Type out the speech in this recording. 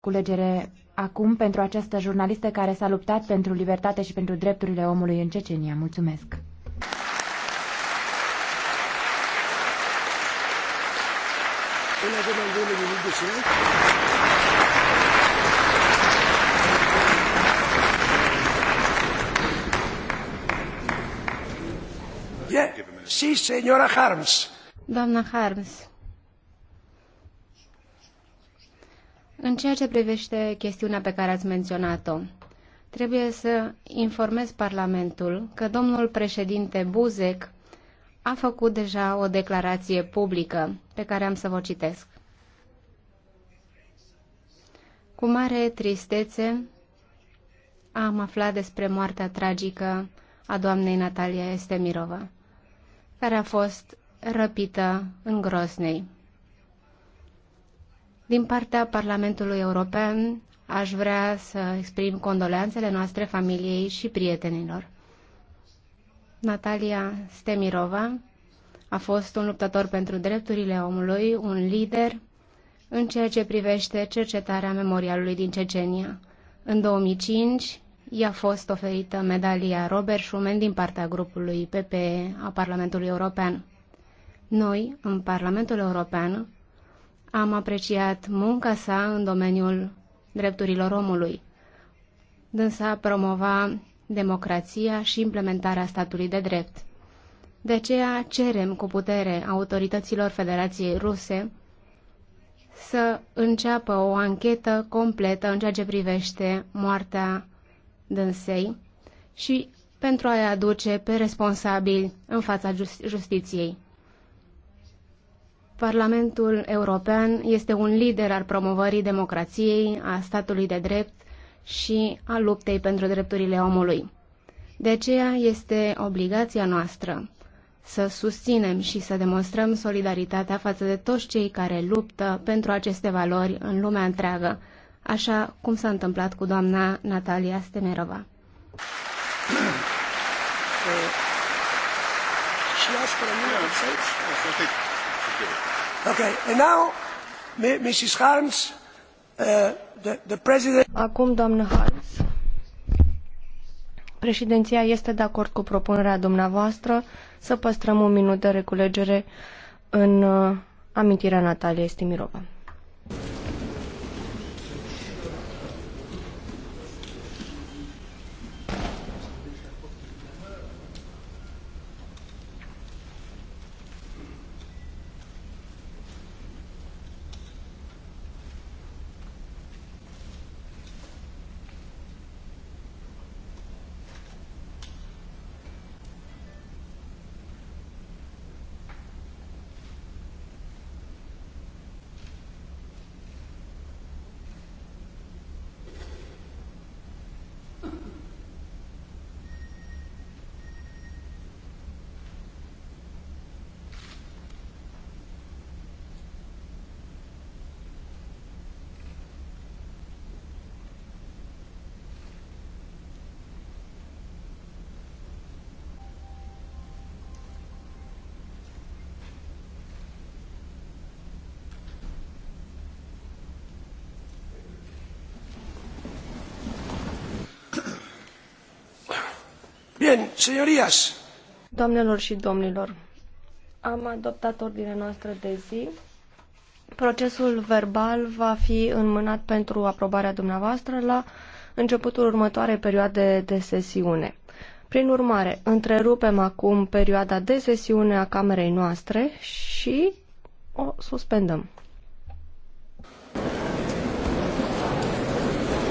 culegere acum pentru această jurnalistă care s-a luptat pentru libertate și pentru drepturile omului în Cecenia. Mulțumesc! Yeah. Sí, señora Harms. Doamna Harms. În ceea ce privește chestiunea pe care ați menționat-o, trebuie să informez Parlamentul că domnul președinte Buzek a făcut deja o declarație publică pe care am să vă citesc. Cu mare tristețe am aflat despre moartea tragică a doamnei Natalia Estemirova, care a fost răpită în Grosnei. Din partea Parlamentului European, aș vrea să exprim condoleanțele noastre familiei și prietenilor. Natalia Stemirova a fost un luptător pentru drepturile omului, un lider în ceea ce privește cercetarea memorialului din Cecenia. În 2005 i-a fost oferită medalia Robert Schuman din partea grupului PPE a Parlamentului European. Noi, în Parlamentul European, am apreciat munca sa în domeniul drepturilor omului. Dânsa promova democrația și implementarea statului de drept. De aceea cerem cu putere autorităților Federației Ruse să înceapă o anchetă completă în ceea ce privește moartea dânsei și pentru a-i aduce pe responsabili în fața justiției. Parlamentul European este un lider al promovării democrației, a statului de drept și a luptei pentru drepturile omului. De aceea este obligația noastră să susținem și să demonstrăm solidaritatea față de toți cei care luptă pentru aceste valori în lumea întreagă, așa cum s-a întâmplat cu doamna Natalia Stemerova. Și Okay. And now, Mrs. Harms, uh, the, president... Acum, doamnă Harms, președinția este de acord cu propunerea dumneavoastră să păstrăm un minut de reculegere în uh, amintirea Nataliei Stimirova. și domnilor, am adoptat ordinea noastră de zi. Procesul verbal va fi înmânat pentru aprobarea dumneavoastră la începutul următoarei perioade de sesiune. Prin urmare, întrerupem acum perioada de sesiune a Camerei noastre și o suspendăm.